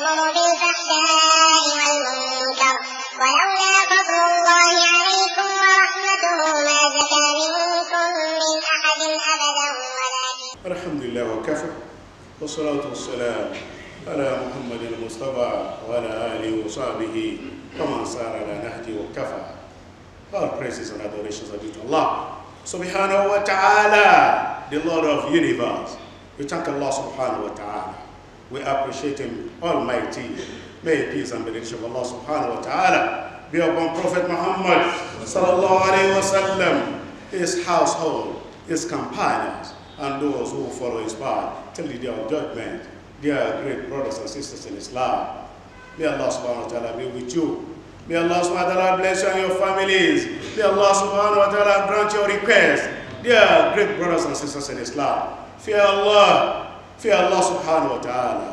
يأمر بالفحشاء والمنكر ولولا فضل الله عليكم ورحمته ما زكى منكم من أحد أبدا ولكن الحمد لله وكفى والصلاة والسلام على محمد المصطفى وعلى آله وصحبه ومن سار على نهجه وكفى All praises and adorations are due to Allah subhanahu wa ta'ala, the Lord of the universe. We thank Allah subhanahu wa ta'ala. We appreciate him, Almighty. May peace and benediction of Allah subhanahu wa ta'ala be upon Prophet Muhammad sallallahu alayhi wa sallam, his household, his companions, and those who follow his path till the day of judgment. Dear great brothers and sisters in Islam, may Allah subhanahu wa ta'ala be with you. May Allah subhanahu wa ta'ala bless you and your families. May Allah subhanahu wa ta'ala grant your requests. Dear great brothers and sisters in Islam, fear Allah Fear Allah subhanahu wa ta'ala.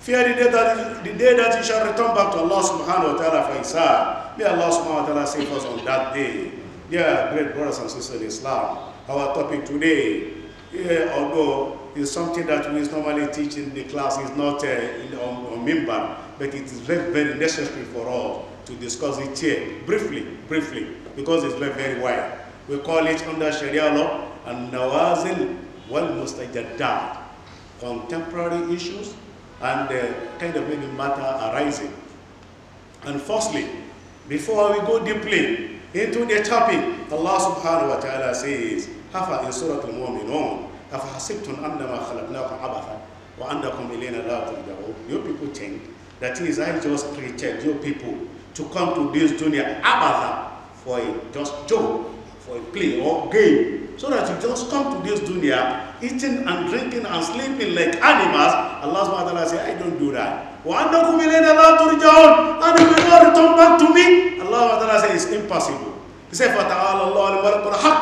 Fear the day, that, the day that you shall return back to Allah subhanahu wa ta'ala for Isaac. May Allah subhanahu wa ta'ala save us on that day. Dear great brothers and sisters in Islam, our topic today, yeah, although is something that we normally teach in the class, is not uh, in, on, on member, but it is very, very necessary for us to discuss it here, briefly, briefly, because it's very, very wide. We call it under Sharia law, and Nawazil wal Mustajadat contemporary issues and uh, kind of maybe matter arising. And firstly, before we go deeply into the topic, Allah subhanahu wa ta'ala says, Hafa in Surah Al-Mu'minun, أَفَحَسِبْتُمْ أَنَّمَا خَلَقْنَاكُمْ عَبَثًا وَأَنَّكُمْ إِلَيْنَا لَا تُرْجَعُونَ You people think that is I just created you people to come to this dunya abatha for a just joke, for a play or game so that you just come to this dunya eating and drinking and sleeping like animals. Allah subhanahu wa ta'ala says, I don't do that. وَأَنَّكُمْ إِلَيْنَا لَا تُرْجَعُونَ And you will not return back to me. Allah subhanahu wa ta'ala says, it's impossible. He said, فَتَعَالَ اللَّهُ الْمَلَكُ الْحَقِّ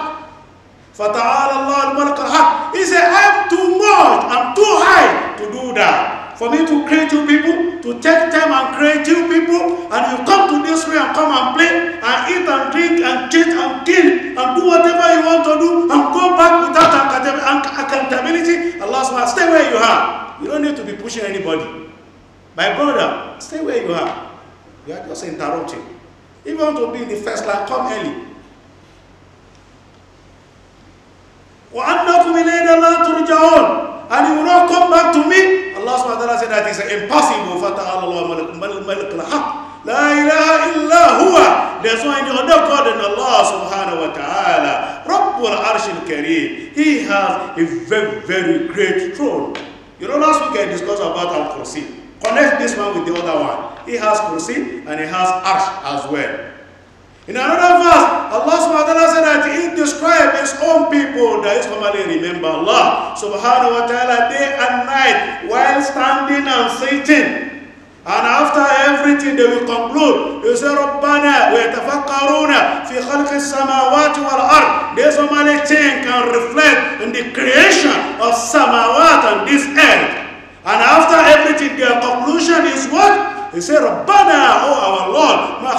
فَتَعَالَ اللَّهُ الْمَلَكُ الْحَقِّ He said, I'm too much, I'm too high to do that for me to create you people, to take time and create you people, and you come to this way and come and play, and eat and drink and cheat and kill, and do whatever you want to do, and go back without accountability. Allah stay where you are. You don't need to be pushing anybody. My brother, stay where you are. You are just interrupting. If you want to be in the first line, come early. وأنكم إلينا لا ترجعون and you will not come back to me Allah SWT said that is impossible. La ilaha illa huwa. There's no any other God than Allah subhanahu wa ta'ala. Rabbul Arshil Kareem. He has a very, very great throne. You know, last week I discussed about Al Kursi. Connect this one with the other one. He has Kursi and he has Arsh as well. In another verse, Allah subhanahu wa ta'ala said that He described His own people that Islamally remember Allah subhanahu wa ta'ala day and night while standing and sitting. And after everything they will conclude, they say, رَبَّنَا وَيَتَفَكَّرُونَ فِي خَلْقِ wal وَالْأَرْضِ They somebody chain can reflect in the creation of samawat and this earth. And after everything, their conclusion is what? They say, رَبَّنَا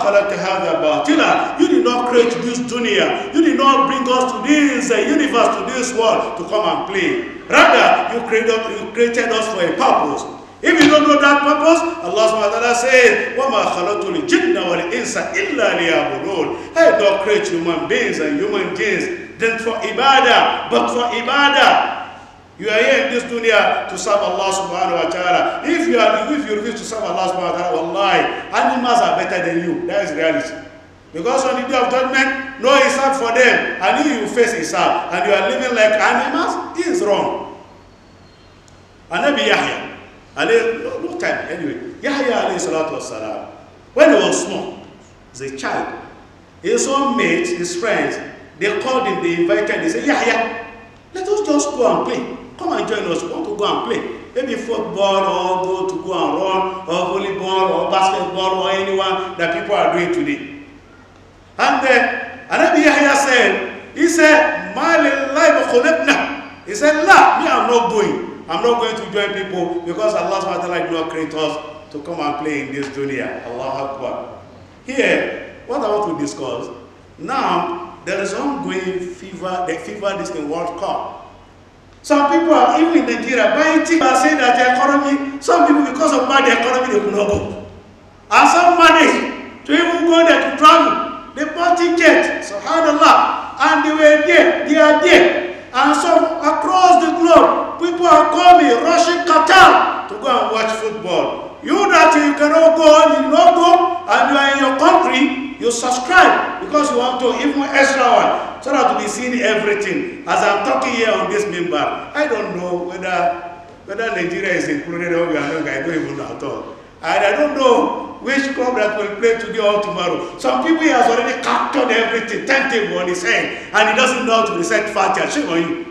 خلقت هذا باطلا You did not create this dunya. You did not bring us to this uh, universe, to this world to come and play. Rather, you created, you created us for a purpose. If you don't know that purpose, Allah subhanahu wa ta'ala says, وَمَا خَلَقْتُ الْجِنَّ وَالْإِنسَ إِلَّا لِيَعْبُدُونَ I don't create human beings and human beings then for ibadah, but for ibadah, you are here in this dunya to serve Allah subhanahu wa ta'ala. If you are if you refuse to serve Allah subhanahu wa ta'ala, wallahi, animals are better than you. That is reality. Because on the day of judgment, no Isab for them. And you, you face Isab. And you are living like animals, it is wrong. And Nabi Yahya, I no, no time anyway. Yahya alayhi salatu wasalam, when he was small, as a child, his own mates, his friends, they called him, they invited him, they said, Yahya, let us just go and play. Come and join us. We want to go and play. Maybe football or go to go and run or volleyball or basketball or anyone that people are doing today. And then Anabi Yahya said, he said, my life of He said, la, me, I'm not going. I'm not going to join people because Allah SWT did not create us to come and play in this dunya. Allah Akbar. Here, what I want to discuss, now there is ongoing fever, the fever this in World Cup. Some people are, even in Nigeria, buying things and saying that the economy, some people, because of bad economy, they could not go. And some money to even go there to travel. They bought tickets, subhanAllah, and they were there, they are there. And so across the globe, people are coming, rushing Qatar to go and watch football. You you cannot go on, you not go, and you are in your country, you subscribe because you want to even extra one so that to be seeing everything. As I'm talking here on this member, I don't know whether whether Nigeria is included or we are not, I don't even know at all. And I don't know which club that will play today or tomorrow. Some people he has already captured everything, table on his head, and he doesn't know how to reset. Fat Shame on you.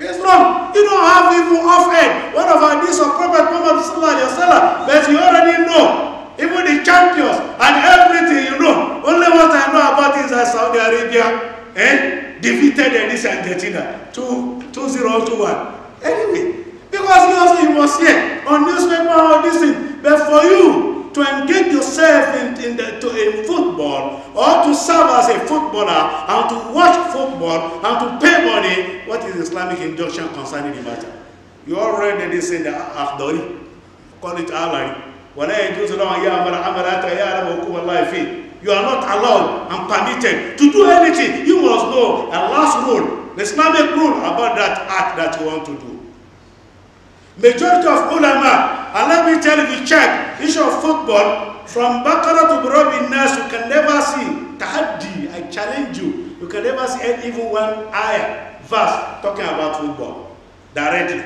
It's wrong. You don't have evil offhand. One of our deeds of Prophet Muhammad Sallallahu but you already know, even the champions and everything you know. Only what I know about is that Saudi Arabia eh, defeated this Argentina 2021. Anyway, because you also you must hear on newspaper all this thing, but for you, to engage yourself in, in, the, to, in football or to serve as a footballer and to watch football and to pay money, what is Islamic injunction concerning the matter? You already this in the Akhdari, call it Alari. You are not allowed and permitted to do anything. You must know a last rule, the Islamic rule about that act that you want to do. Majority of ulama, and let me tell you, check, issue of football, from Bakara to Burabi Nas, you can never see, tahaddi, I challenge you, you can never see even one ayah, verse, talking about football, directly.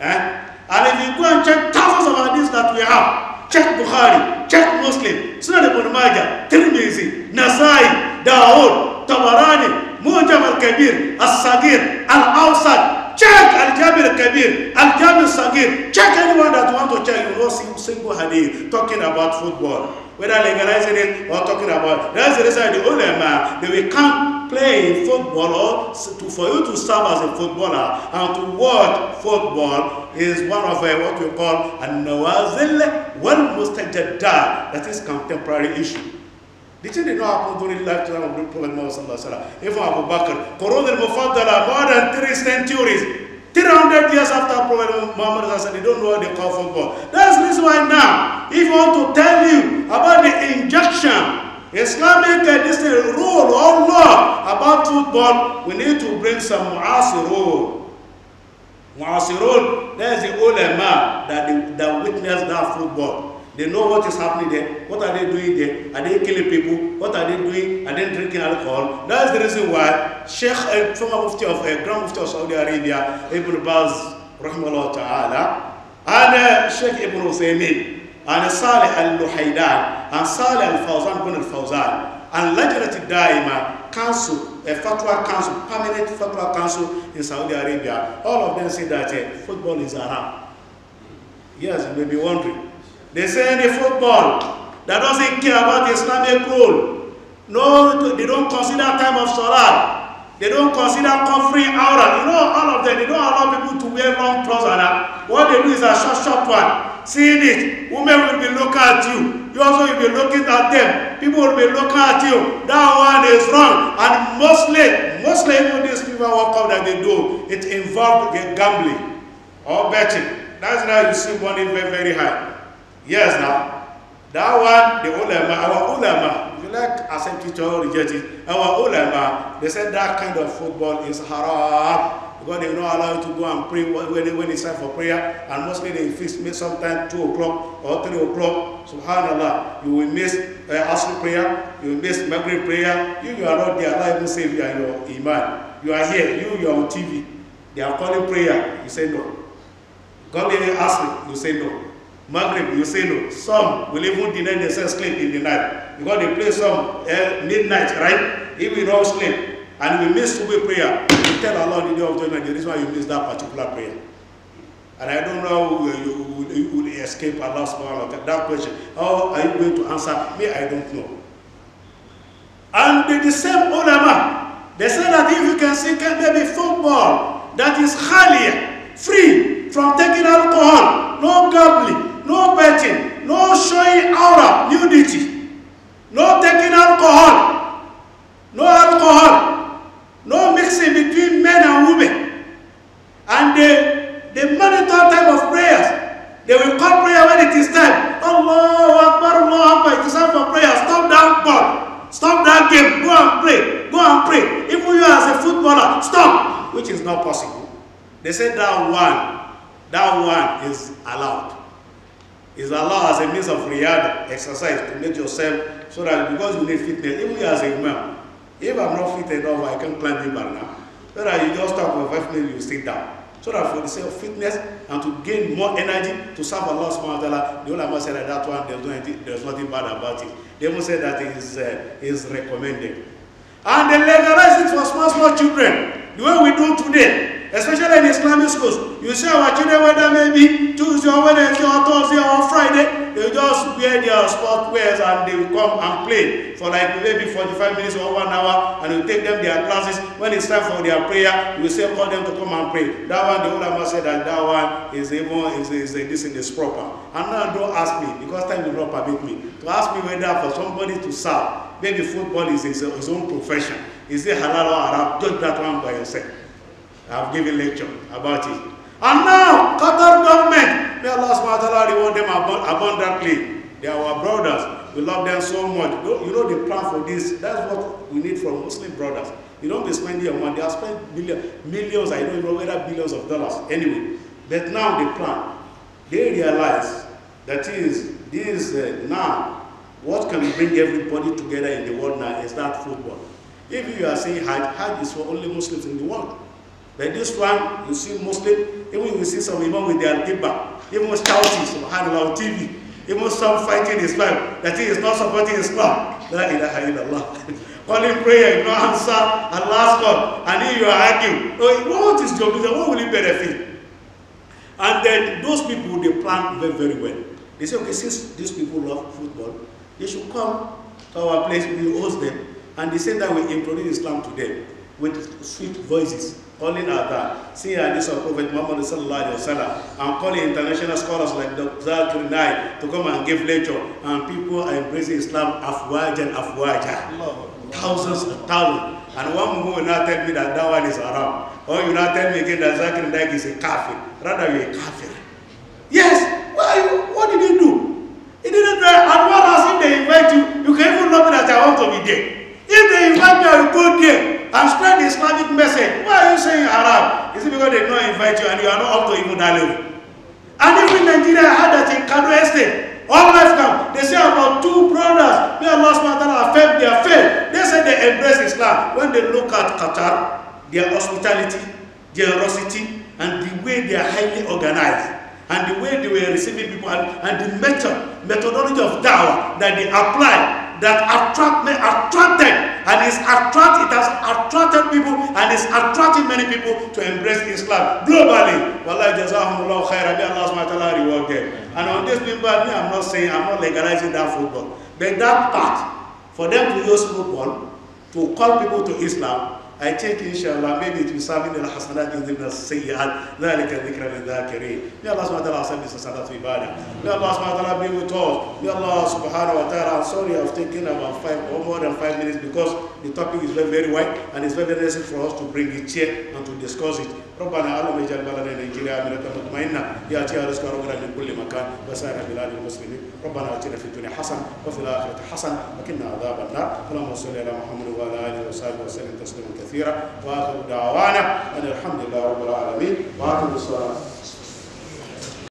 Eh? And if you go and check thousands of hadiths that we have, check Bukhari, check Muslim, Sunan ibn Majah, Tirmizi, Nasai, Daoud, Tabarani, Mujam al-Kabir, As-Sagir, Al-Awsad, Check Al-Jami kabir Al-Jami al-Sagir. Check anyone that want to check. You know, not see single hadith talking about football. Whether legalizing it or talking about That's the reason the ulema, they will come play football or to, for you to serve as a footballer and to watch football is one of uh, what we call a nawazil wal mustajaddah. That is contemporary issue. Did you know the Dhuri like to Prophet Muhammad Sallallahu Alaihi Wasallam? If Abu Bakr, Quran al-Mufaddala, centuries. 300 years after Prophet Muhammad said, they don't know what they call football. That's the reason why now, if I want to tell you about the injection, Islamic uh, this a rule or law about football, we need to bring some Muasirul. Muasirul. there's the ulama that, that witnessed that football. They know what is happening there. What are they doing there? Are they killing people? What are they doing? Are they drinking alcohol? That's the reason why Sheikh, uh, former mufti of uh, Grand Mufti of Saudi Arabia, Ibn Baz, rahimahullah ta'ala, and uh, Sheikh Ibn Uthaymeen, and Saleh al-Luhaydan, and Saleh al-Fawzan ibn al-Fawzan, and Lajnat daima Council, a fatwa council, permanent fatwa council in Saudi Arabia. All of them say that uh, football is haram. Yes, you may be wondering. They say a football that doesn't care about Islamic rule. No, they don't consider time of salah. They don't consider covering aura. You know, all of them, they don't allow people to wear long trousers. What they do is a short, short one. Seeing it, women will be looking at you. You also will be looking at them. People will be looking at you. That one is wrong. And mostly, mostly even these people walk up that they do, it involves gambling or betting. That's why you see money very, very high. Yes, now. That one, the ulama, our ulama, if you like accept it or reject it, our ulama, they said that kind of football is haram. Because they don't allow you to go and pray when, when it's time for prayer. And mostly they fix me sometimes two o'clock or three o'clock. Subhanallah, you will miss uh, Asr prayer, you will miss Maghrib prayer. You, you are not there, Allah even save you and your iman. You are here, you, you are on TV. They are calling prayer, you say no. Calling Asr, you say no. Maghrib, you say no. Some will even deny themselves sleep in the night. Because they play some uh, midnight, right? If we don't sleep and we miss to be prayer, we tell Allah the day of judgment the reason why you miss that particular prayer. And I don't know you, you, you will escape Allah subhanahu wa That question, how are you going to answer? Me, I don't know. And the, the same ulama, they say that if you can see maybe football that is khalia, free from taking alcohol, no gambling, no betting, no showing aura, nudity, no taking alcohol, no alcohol, no mixing between men and women. And they, the monitor time of prayers. They will call prayer when it is time. Allahu Akbar, Allahu Akbar, it is time for prayer. Stop that ball. Stop that game. Go and pray. Go and pray. Even you as a footballer, stop. Which is not possible. They said that one, that one is allowed. is Allah as a means of riyad exercise to make yourself so that because you need fitness even as a woman, if I'm not fit enough I can climb Mimbar now so that you just talk for five minutes you sit down so that for the sake of fitness and to gain more energy to serve Allah subhanahu wa ta'ala the only ulama said that that one there's, no there's nothing bad about it they even said that is, uh, is recommended and they legalize it for small small children the way we do today especially in Islamic schools. You see our children, whether maybe Tuesday or Wednesday or Thursday or Friday, they just wear their sport wears and they will come and play for like maybe 45 minutes or one hour and you take them their classes. When it's time for their prayer, you say call them to come and pray. That one, the ulama said that that one is even, is, is, is this thing is proper. And now don't ask me, because time will not permit me, to ask me whether for somebody to serve, maybe football is his, his own profession. Is it halal or haram? Judge that one by yourself. I've given lecture about it. And now, Qatar government, may Allah subhanahu reward them abundantly. They are our brothers. We love them so much. You know the plan for this. That's what we need from Muslim brothers. You don't be spending your money. They have spent Millions. I don't know whether billions of dollars. Anyway, but now the plan. They realize that is this uh, now what can bring everybody together in the world now is that football. If you are saying Hajj, Hajj is for only Muslims in the world. But this one, you see Muslim, even you see some even with their dibba, even shouting, subhanAllah, on TV, even some fighting Islam, that he is not supporting Islam. La ilaha illallah. Calling prayer, you no answer, and last call, and then you argue. Oh, what is your business? What will it benefit? And then those people, they plan very, very well. They say, okay, since these people love football, they should come to our place, we host them, and they say that we introduce Islam to them with sweet voices, calling out Adhan, seeing hadith of Prophet Muhammad sallallahu wasallam. I'm calling international scholars like Dr. Trinai to come and give lecture, and people are embracing Islam and afwaj. thousands and thousands. And one who will not tell me that that one is Arab, or you will not tell me again that Zakir Naik is a kafir, rather you're a kafir. Yes, Why? what did you do? He didn't, and what else if they invite you, you can even love that I want to be there. If they invite you and go there and spread the Islamic message, why are you saying Arab? Is it because they don't invite you and you are not up to even that level? And if in Nigeria, I heard that in Kano Estate, all life camp, they say about two brothers, may Allah subhanahu wa their faith. They say they embrace Islam. When they look at Qatar, their hospitality, generosity, and the way they are highly organized, and the way they were receiving people, and, and the method, methodology of dawah that they apply that attract me attracted and is attract it has attracted people and is attracting many people to embrace Islam globally. Wallahi jazahumullah khair. May Allah subhanahu wa reward them. And on this member, I'm not saying I'm not legalizing that football. But that part, for them to use football to call people to Islam I take inshallah maybe it will serve in the سابن الحسنات يذهبن السيئات ذلك ذكرى للذاكرين يا الله سبحانه وتعالى send this salat to Ibadah may Allah subhanahu wa ta'ala be with us may Allah subhanahu wa ta'ala I'm sorry I've taken about five or more than five minutes because the topic is very very wide and it's very necessary for us to bring it here and to discuss it ربنا علم اجعل بلدنا نيجيريا امنة مطمئنة ياتيها رزقها ربنا من كل مكان وسائر بلاد المسلمين ربنا اتنا في الدنيا حسن وفي الاخرة حسن وكنا عذاب النار اللهم صل على محمد وعلى اله وصحبه وسلم تسليما كثيرا كثيرا واخر دعوانا ان الحمد لله رب العالمين واخر الصلاه